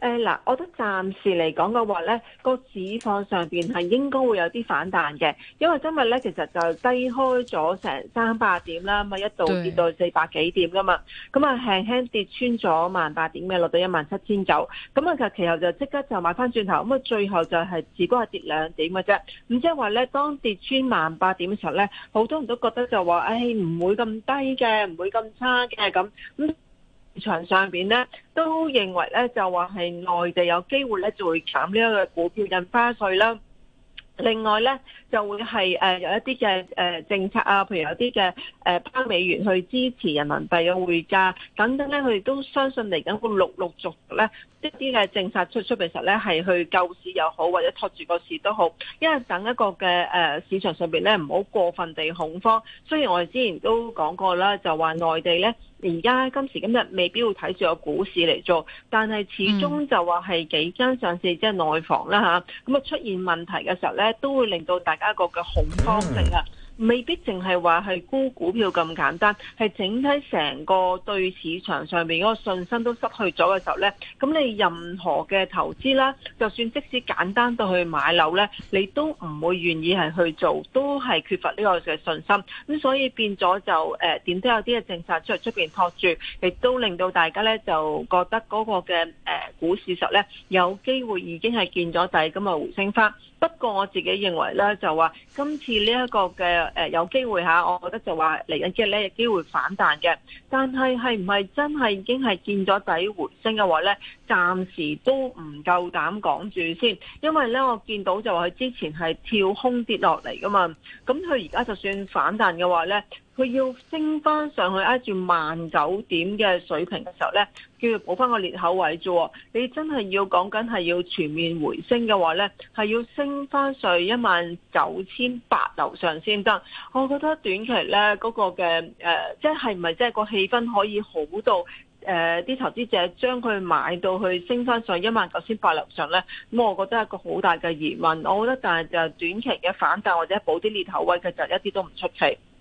誒、哎、嗱，我覺得暫時嚟講嘅話咧，那個指況上面係應該會有啲反彈嘅，因為今日咧其實就低開咗成三百點啦，咁啊一度跌到四百幾點噶嘛，咁啊輕輕跌穿咗萬八點嘅，落到一萬七千九，咁啊其實其後就即刻就買翻轉頭，咁啊最後就係只不過係跌兩點嘅啫，咁即係話咧當跌穿萬八點嘅時候咧，好多人都覺得就話，誒、哎、唔會咁低嘅，唔會咁差嘅咁。場上上邊咧都認為咧就話係內地有機會咧就會減呢一個股票印花稅啦。另外咧就會係誒有一啲嘅誒政策啊，譬如有啲嘅誒拋美元去支持人民幣嘅匯價等等咧，佢哋都相信嚟緊會陸陸續續咧一啲嘅政策出出，其實咧係去救市又好，或者托住個市都好，因為等一個嘅誒市場上邊咧唔好過分地恐慌。雖然我哋之前都講過啦，就話內地咧。而家今時今日未必會睇住個股市嚟做，但係始終就話係幾間上市即係、就是、內房啦吓，咁啊出現問題嘅時候咧，都會令到大家個嘅恐慌性啊。未必淨係話係沽股票咁簡單，係整體成個對市場上邊嗰個信心都失去咗嘅時候呢。咁你任何嘅投資啦，就算即使簡單到去買樓呢，你都唔會願意係去做，都係缺乏呢個嘅信心。咁所以變咗就誒，點、呃、都有啲嘅政策出嚟出邊托住，亦都令到大家呢就覺得嗰個嘅誒、呃、股市實呢，有機會已經係見咗底，咁啊回升返。不過我自己認為咧，就話今次呢一個嘅誒有機會嚇，我覺得就話嚟緊即係咧有機會反彈嘅，但係係唔係真係已經係見咗底回升嘅話咧？暫時都唔夠膽講住先，因為呢，我見到就話佢之前係跳空跌落嚟噶嘛。咁佢而家就算反彈嘅話呢，佢要升翻上去挨住萬九點嘅水平嘅時候呢，叫做補翻個裂口位啫。你真係要講緊係要全面回升嘅話呢，係要升翻上一萬九千八樓上先得。我覺得短期呢，嗰、那個嘅、呃、即係唔係即係個氣氛可以好到？誒、嗯、啲投資者將佢買到去升翻上一萬九千八樓上呢，咁我覺得係一個好大嘅疑問。我覺得但係就短期嘅反彈或者補啲裂頭位嘅就一啲都唔出奇。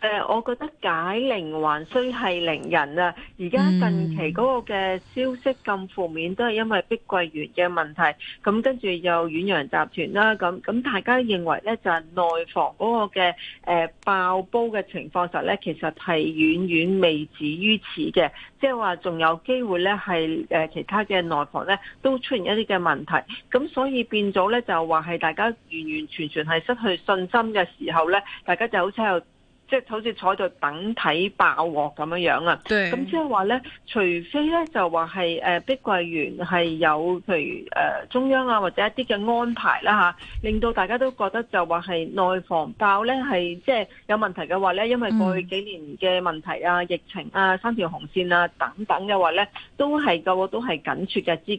誒、呃，我覺得解鈴還須繫鈴人啊！而家近期嗰個嘅消息咁負面，都係因為碧桂園嘅問題。咁跟住又遠洋集團啦，咁咁大家認為咧就係、是、內房嗰個嘅誒、呃、爆煲嘅情況實咧，其實係遠遠未止於此嘅。即係話仲有機會咧係誒其他嘅內房咧都出現一啲嘅問題。咁所以變咗咧就話係大家完完全全係失去信心嘅時候咧，大家就好似又。即係好似坐喺度等睇爆鑊咁樣樣啊！咁即係話咧，除非咧就話係誒碧桂園係有譬如誒、呃、中央啊或者一啲嘅安排啦吓，令到大家都覺得就話係內房爆咧係即係有問題嘅話咧，因為過去幾年嘅問題啊、嗯、疫情啊、三條紅線啊等等嘅話咧，都係個個都係緊缺嘅資金。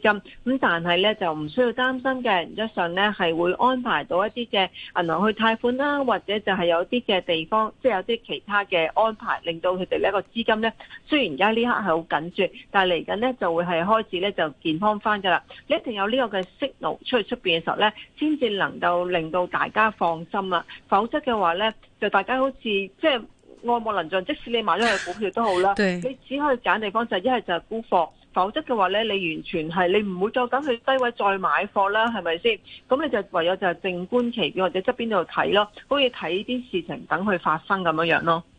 咁但係咧就唔需要擔心嘅，原則上咧係會安排到一啲嘅銀行去貸款啦、啊，或者就係有啲嘅地方即係。一啲其他嘅安排，令到佢哋呢一個資金咧，雖然而家呢刻係好緊縮，但係嚟緊咧就會係開始咧就健康翻噶啦。你一定有呢個嘅息 i 出去出邊嘅時候咧，先至能夠令到大家放心啦、啊。否則嘅話咧，就大家好似即係愛莫能助。即使你買咗嘅股票都好啦，你只可以揀地方就係一係就係沽貨。否則嘅話咧，你完全係你唔會再等佢低位再買貨啦，係咪先？咁你就唯有就係靜觀其變或者側邊度睇咯，好似睇啲事情等佢發生咁樣樣咯。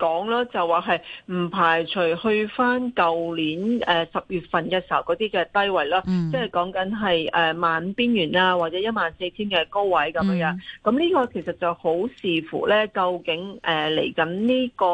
講啦，就話係唔排除去返舊年誒十月份嘅時候嗰啲嘅低位啦，即係講緊係誒萬邊緣啊，或者一萬四千嘅高位咁樣樣。咁、嗯、呢個其實就好視乎咧，究竟誒嚟緊呢個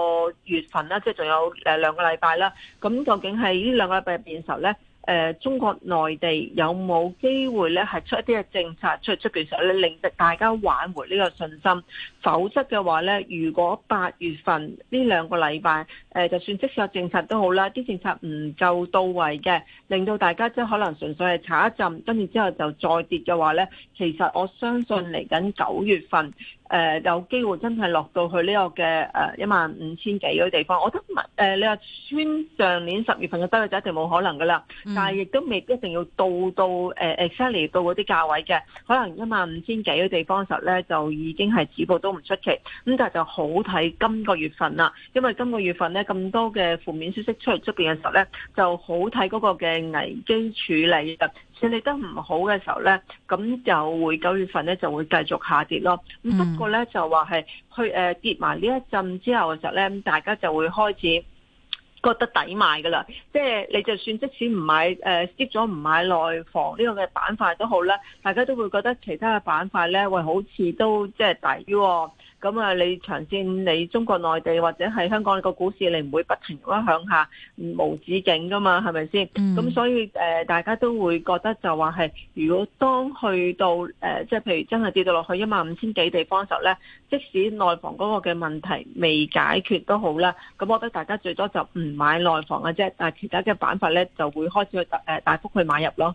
月份啦，即係仲有誒兩個禮拜啦。咁究竟喺呢兩個禮拜入邊嘅時候咧？誒、呃，中國內地有冇機會咧，係出一啲嘅政策，出出其實咧，令大家挽回呢個信心？否則嘅話咧，如果八月份呢兩個禮拜，誒、呃，就算即使有政策都好啦，啲政策唔夠到位嘅，令到大家即係可能純粹係查一浸，跟住之後就再跌嘅話咧，其實我相信嚟緊九月份。誒、呃、有機會真係落到去呢個嘅誒一萬五千幾嗰啲地方，我覺得、呃、你話穿上年十月份嘅低位就一定冇可能㗎啦、嗯，但係亦都未必一定要到到誒、呃、exactly 到嗰啲價位嘅，可能一萬五千幾嘅地方嘅時候咧就已經係止步都唔出奇。咁但係就好睇今個月份啦，因為今個月份咧咁多嘅負面消息出嚟出邊嘅時候咧，就好睇嗰個嘅危機處理處理得唔好嘅時候咧，咁就會九月份咧就會繼續下跌咯。咁不過咧、嗯、就話係去跌埋呢一陣之後嘅時候咧，大家就會開始覺得抵買噶啦。即係你就算即使唔買誒跌咗唔買內房呢個嘅板塊都好咧，大家都會覺得其他嘅板塊咧會好似都即係抵喎、哦。咁啊，你長線你中國內地或者係香港個股市，你唔會不停咁樣向下無止境噶嘛，係咪先？咁、嗯、所以、呃、大家都會覺得就話係，如果當去到即係、呃、譬如真係跌到落去一萬五千幾地方時候咧，即使內房嗰個嘅問題未解決都好啦，咁我覺得大家最多就唔買內房嘅啫，但係其他嘅板塊咧就會開始去大、呃、大幅去買入咯。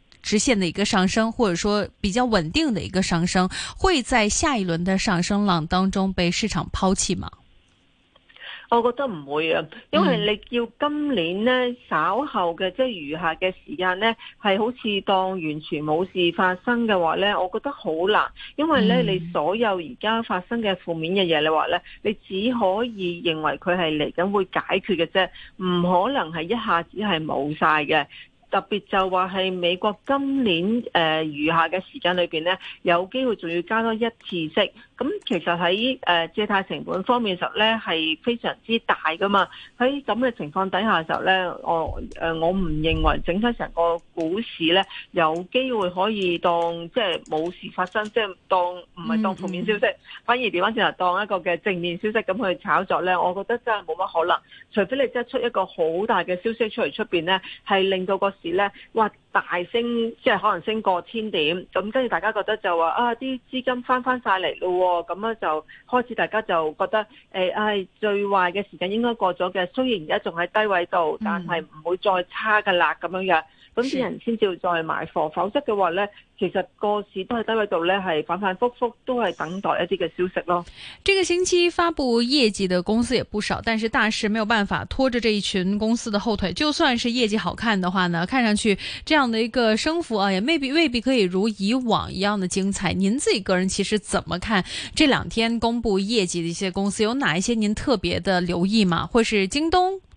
直線嘅一個上升，或者說比較穩定嘅一個上升，會在下一輪的上升浪當中被市場拋棄嗎？我覺得唔會啊，因為你叫今年呢，稍後嘅即係餘下嘅時間呢，係好似當完全冇事發生嘅話呢，我覺得好難，因為呢，嗯、你所有而家發生嘅負面嘅嘢，你話呢，你只可以認為佢係嚟緊會解決嘅啫，唔可能係一下子係冇晒嘅。特別就話，係美國今年誒餘下嘅時間裏邊咧，有機會仲要加多一次息。咁其實喺誒借貸成本方面實咧係非常之大噶嘛，喺咁嘅情況底下嘅時呢候咧，我我唔認為整體成個股市咧有機會可以當即係冇事發生，即係當唔係當負面消息，反而調翻轉頭當一個嘅正面消息咁去炒作咧，我覺得真係冇乜可能，除非你真係出一個好大嘅消息出嚟出面咧，係令到個市咧哇大升，即係可能升過千點，咁跟住大家覺得就話啊啲資金翻翻晒嚟咯。咁咧就開始大家就覺得，誒、哎，係最壞嘅時間應該過咗嘅，雖然而家仲喺低位度，但係唔會再差噶啦，咁樣樣。本啲人先至再買貨，否則嘅話呢，其實個市都喺低位度呢，係反反復復都係等待一啲嘅消息咯。這個星期發佈業績嘅公司也不少，但是大市沒有辦法拖着這一群公司嘅後腿。就算是業績好看的話呢，看上去這樣的一個升幅啊，也未必未必可以如以往一樣的精彩。您自己個人其實怎麼看這兩天公布業績的一些公司？有哪一些您特別的留意嘛？或是京東？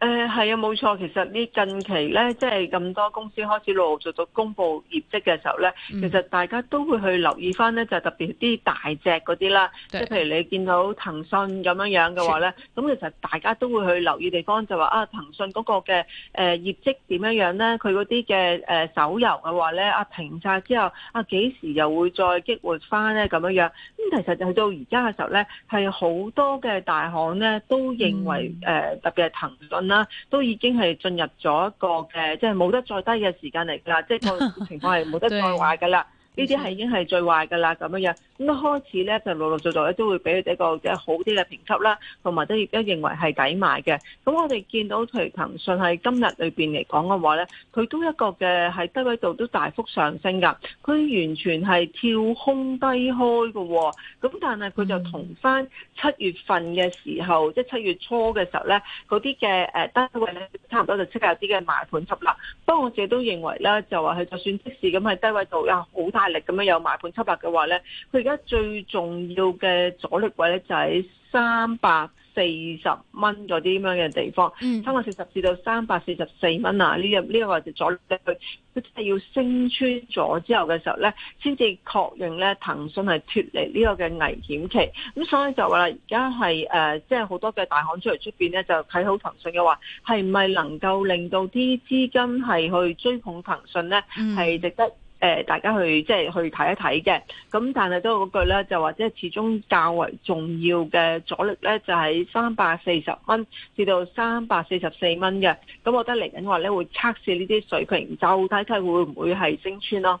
誒係啊，冇錯。其實呢近期咧，即係咁多公司開始陸陸續續公布業績嘅時候咧、嗯，其實大家都會去留意翻咧，就特別啲大隻嗰啲啦。即係譬如你見到騰訊咁樣樣嘅話咧，咁其實大家都會去留意地方就，就話啊騰訊嗰個嘅誒、呃、業績點樣樣咧，佢嗰啲嘅誒手遊嘅話咧，啊停晒之後啊幾時又會再激活翻咧咁樣樣。咁、嗯、其實去到而家嘅時候咧，係好多嘅大行咧都認為誒、嗯呃、特別係騰訊啦。都已經係進入咗一個誒，即係冇得再低嘅時間嚟噶啦，即係個情況係冇得再壞噶啦。呢啲係已經係最壞㗎啦，咁樣樣咁開始咧就陸陸續續咧都會俾佢哋一個好啲嘅評級啦，同埋都亦都認為係抵買嘅。咁我哋見到佢騰訊係今日裏面嚟講嘅話咧，佢都一個嘅喺低位度都大幅上升㗎，佢完全係跳空低開㗎喎。咁但係佢就同翻七月份嘅時候，即係七月初嘅時候咧，嗰啲嘅誒低位咧，差唔多就即有啲嘅買盤出啦。不過我自己都認為咧，就話佢就算即使咁喺低位度又好大。壓力咁樣有賣盤七百嘅話咧，佢而家最重要嘅阻力位咧就喺三百四十蚊嗰啲咁樣嘅地方，三百四十至到三百四十四蚊啊。呢、這個呢、這個位置阻力位，佢佢真係要升穿咗之後嘅時候咧，先至確認咧騰訊係脫離呢個嘅危險期。咁所以就話啦，而家係誒，即係好多嘅大行出嚟出面咧，就睇好騰訊嘅話，係咪能夠令到啲資金係去追捧騰訊咧，係值得。誒，大家去即係去睇一睇嘅，咁但係都嗰句咧，就話即係始終較為重要嘅阻力咧，就喺三百四十蚊至到三百四十四蚊嘅，咁我覺得嚟緊話咧會測試呢啲水平，就睇睇會唔會係升穿咯。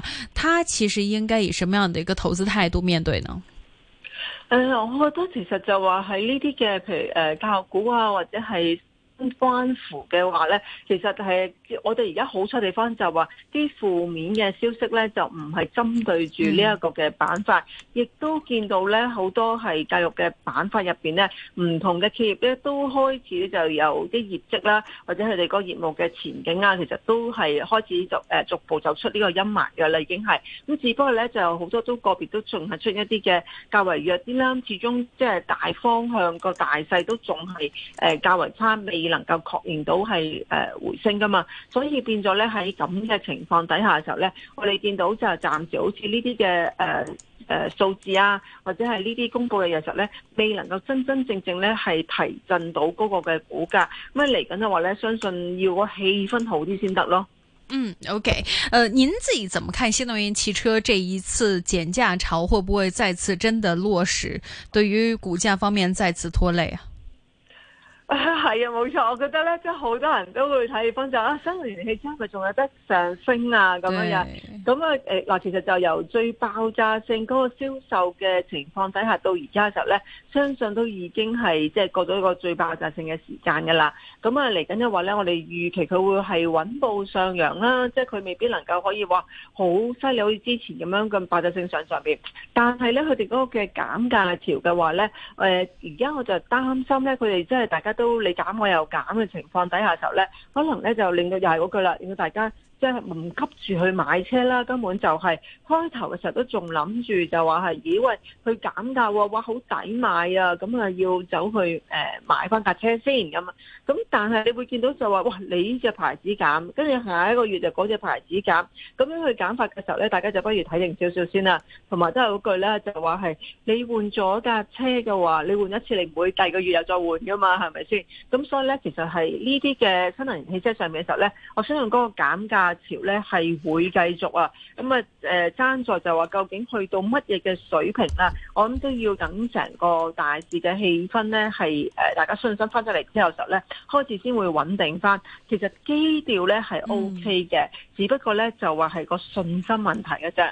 他其實應該以什麼樣的一個投資態度面對呢？誒、呃，我覺得其實就話喺呢啲嘅，譬如誒，教育、呃、股啊，或者係。關乎嘅話呢，其實係我哋而家好彩地方就話啲負面嘅消息呢，就唔係針對住呢一個嘅板塊，亦、嗯、都見到呢好多係教育嘅板塊入面呢，唔同嘅企業呢都開始就有啲業績啦，或者佢哋個業務嘅前景啊，其實都係開始就誒逐步走出呢個陰霾噶啦，已經係咁，只不過呢就好多都個別都仲係出一啲嘅較為弱啲啦，始終即係大方向個大勢都仲係誒較為差，能夠確認到係誒回升噶嘛，所以變咗咧，喺咁嘅情況底下嘅時候咧，我哋見到就暫時好似呢啲嘅誒誒數字啊，或者係呢啲公布嘅嘢實咧，未能夠真真正正咧係提振到嗰個嘅股價。咁嚟緊就話咧，相信要個氣氛好啲先得咯。嗯，OK，誒、呃，您自己怎麼看新能源汽車這一次減價潮會不會再次真的落實，對於股價方面再次拖累啊？係 啊，冇錯，我覺得咧，即好多人都會睇起翻就啊，新年氣差之後佢仲有得上升啊咁樣樣。咁啊誒，嗱，其實就由最爆炸性嗰個銷售嘅情況底下到而家嘅時候咧，相信都已經係即係過咗一個最爆炸性嘅時間㗎啦。咁啊嚟緊嘅話咧，我哋預期佢會係穩步上揚啦，即係佢未必能夠可以話好犀利，好似之前咁樣咁爆炸性上上邊。但係咧，佢哋嗰個嘅減價調嘅話咧，呃，而家我就擔心咧，佢哋即係大家都。都你減我又減嘅情況底下時候咧，可能咧就令到又係嗰句啦，令到大家。即係唔急住去買車啦，根本就係、是、開頭嘅時候都仲諗住就話係，咦喂，佢減價喎，哇好抵買啊，咁、嗯、啊要走去誒、呃、買翻架車先咁啊。咁、嗯、但係你會見到就話，哇你呢隻牌子減，跟住下一個月就嗰隻牌子減，咁樣去減法嘅時候咧，大家就不如睇定少少先啦。同埋都係嗰句咧，就話係你換咗架車嘅話，你換一次，你唔會第二個月又再換噶嘛，係咪先？咁所以咧，其實係呢啲嘅新能源汽車上面嘅時候咧，我相信嗰個減價。熱潮咧係會繼續啊，咁啊誒，爭在就話究竟去到乜嘢嘅水平啦、啊？我諗都要等成個大市嘅氣氛咧係誒，大家信心翻出嚟之後就咧，開始先會穩定翻。其實基調咧係 O K 嘅，只不過咧就話係個信心問題嘅啫。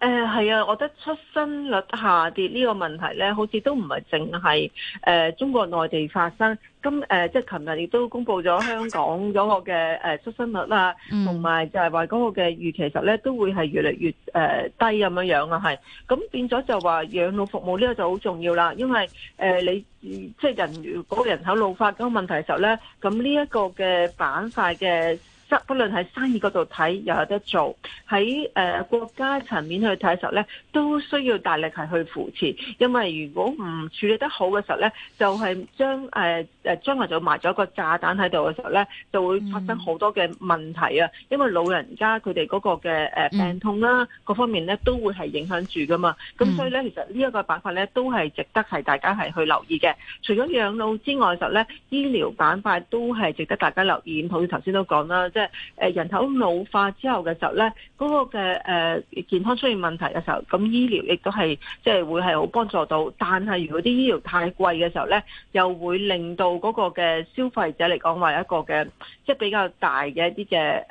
誒、呃，係啊，我覺得出生率下跌呢個問題呢，好似都唔係淨係誒中國內地發生，咁誒、呃、即係琴日亦都公布咗香港嗰個嘅誒出生率啦，同、嗯、埋就係話嗰個嘅預期實呢都會係越嚟越誒、呃、低咁樣樣啊，係，咁變咗就話養老服務呢個就好重要啦，因為誒、呃、你即係人嗰、那個人口老化嗰個問題時候呢，咁呢一個嘅板塊嘅。不不論喺生意嗰度睇，又有得做，喺誒、呃、國家層面去睇嘅時候咧，都需要大力係去扶持，因為如果唔處理得好嘅時候咧，就係將誒誒將來就埋咗個炸彈喺度嘅時候咧，就會發生好多嘅問題啊、嗯！因為老人家佢哋嗰個嘅誒病痛啦，各方面咧都會係影響住噶嘛。咁所以咧，其實呢一個板塊咧都係值得係大家係去留意嘅。除咗養老之外時候咧醫療板塊都係值得大家留意。好似頭先都講啦。即誒人口老化之後嘅時候咧，嗰、嗰個嘅誒健康出現問題嘅時候，咁醫療亦都係即係會係好幫助到。但係如果啲醫療太貴嘅時候咧，又會令到嗰個嘅消費者嚟講，話一個嘅即係比較大嘅一啲嘅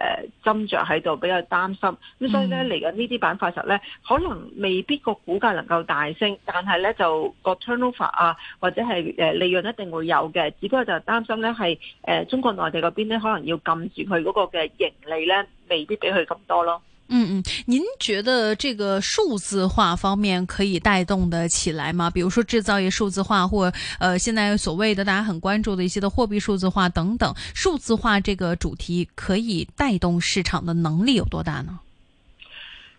誒斟酌喺度，比較擔心。咁、嗯、所以咧嚟緊呢啲板塊時候咧，可能未必個股價能夠大升，但係咧就個 turnover 啊，或者係誒利潤一定會有嘅，只不過就係擔心咧係誒中國內地嗰邊咧，可能要禁住佢嗰。個嘅盈利咧，未必比佢咁多咯。嗯嗯，您覺得這個數字化方面可以帶動得起來嗎？比如說製造業數字化，或，呃，現在所謂的大家很關注的一些的貨幣數字化等等，數字化這個主題可以帶動市場的能力有多大呢？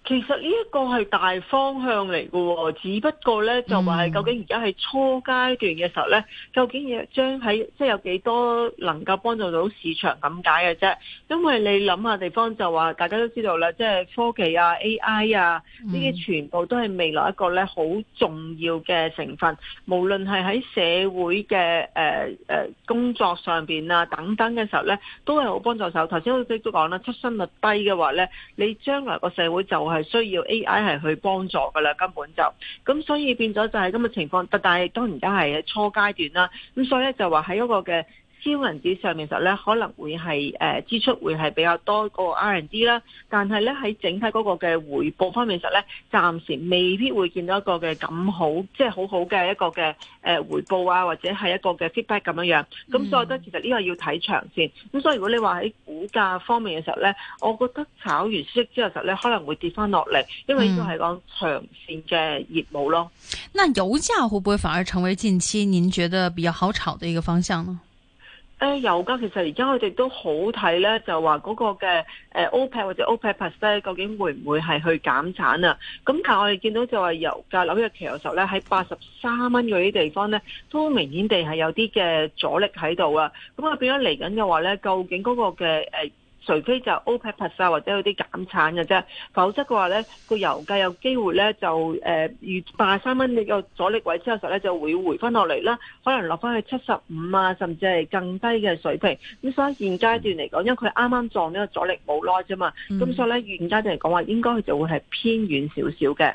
其實呢一個係大方向嚟嘅喎，只不過呢就話係究竟而家係初階段嘅時候呢，嗯、究竟嘢將喺即係有幾多能夠幫助到市場咁解嘅啫？因為你諗下地方就話大家都知道啦，即係科技啊、AI 啊，嗯、呢啲全部都係未來一個呢好重要嘅成分，無論係喺社會嘅誒、呃呃、工作上面啊等等嘅時候呢，都係好幫助手。頭先我都講啦，出生率低嘅話呢，你將來個社會就係係需要 A.I. 係去幫助噶啦，根本就咁，所以變咗就係咁嘅情況，但係當然而家係初階段啦，咁所以咧，就話喺一個嘅。資文字上面實咧可能會係誒、呃、支出會係比較多個 R&D 啦，但係咧喺整體嗰個嘅回報方面實咧暫時未必會見到一個嘅咁好即係、就是、好好嘅一個嘅誒回報啊或者係一個嘅 feedback 咁樣樣，咁所以我覺得其實呢個要睇長線，咁、嗯、所以如果你話喺股價方面嘅時候咧，我覺得炒完息之後實咧可能會跌翻落嚟，因為呢個係講長線嘅業務咯。嗯、那油價會不會反而成為近期您覺得比較好炒嘅一個方向呢？誒，油價，其實而家我哋都好睇咧，就話嗰個嘅誒 OPEC 或者 OPEC Plus 呢，究竟會唔會係去減產啊？咁但係我哋見到就話油價紐約期油時候咧，喺八十三蚊嗰啲地方咧，都明顯地係有啲嘅阻力喺度啊！咁啊變咗嚟緊嘅話咧，究竟嗰個嘅誒？除非就 OPEC Plus、啊、或者有啲減產嘅啫，否則嘅話咧，個油價有機會咧就誒，逾八三蚊，你有阻力位之後實咧就會回翻落嚟啦，可能落翻去七十五啊，甚至係更低嘅水平。咁所以現階段嚟講，因為佢啱啱撞呢個阻力冇耐啫嘛，咁、嗯、所以咧現階段嚟講話，應該佢就會係偏軟少少嘅。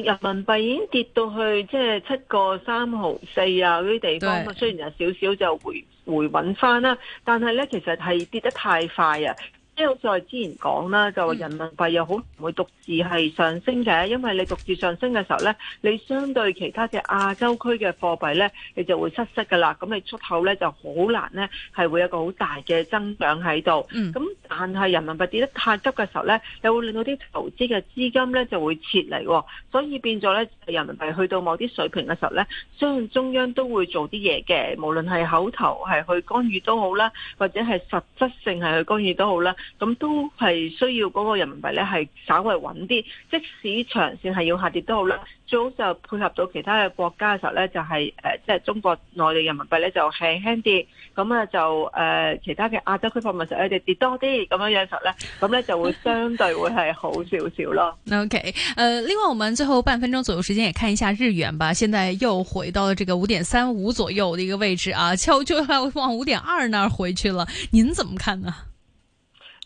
人民幣已經跌到去，即係七個三毫四啊嗰啲地方，雖然有少少就回回穩翻啦，但係咧，其實係跌得太快啊！即係好似我之前講啦，就話人民幣又好唔會獨自係上升嘅，mm. 因為你獨自上升嘅時候咧，你相對其他嘅亞洲區嘅貨幣咧，你就會失色噶啦。咁你出口咧就好難咧，係會有個好大嘅增長喺度。咁、mm. 但係人民幣跌得太急嘅時候咧，又會令到啲投資嘅資金咧就會撤離，所以變咗咧人民幣去到某啲水平嘅時候咧，相信中央都會做啲嘢嘅，無論係口頭係去干預都好啦，或者係實質性係去干預都好啦。咁都係需要嗰個人民幣咧，係稍微穩啲。即使長線係要下跌都好啦，最好就配合到其他嘅國家嘅時候咧，就係、是、誒，即、呃、係、就是、中國內地人民幣咧就輕輕跌，咁啊就誒、呃、其他嘅亞洲區貨幣就一直跌多啲咁樣樣時候咧，咁咧就會相對會係好少少咯。 OK，誒、呃，另外我們最後半分鐘左右時間，也看一下日元吧。現在又回到了這個五點三五左右的一個位置啊，就就要往五點二那兒回去了。您怎麼看呢、啊？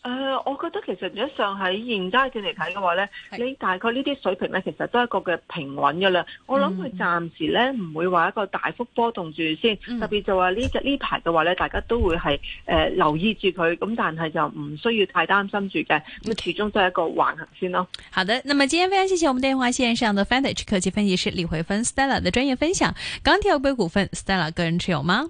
呃、我覺得其實如果上喺現階段嚟睇嘅話咧，你大概呢啲水平咧，其實都係一個嘅平穩嘅啦。我諗佢暫時咧唔會話一個大幅波動住先，嗯、特別就話這這的話呢只呢排嘅話咧，大家都會係誒、呃、留意住佢，咁但係就唔需要太擔心住嘅。咁、okay. 始終都係一個橫行先咯。好的，那麼今天非常感謝，謝我們電話線上嘅 Fintech 科技分析師李慧芬 Stella 嘅專業分享。港鐵杯股份 Stella 個人持有嗎？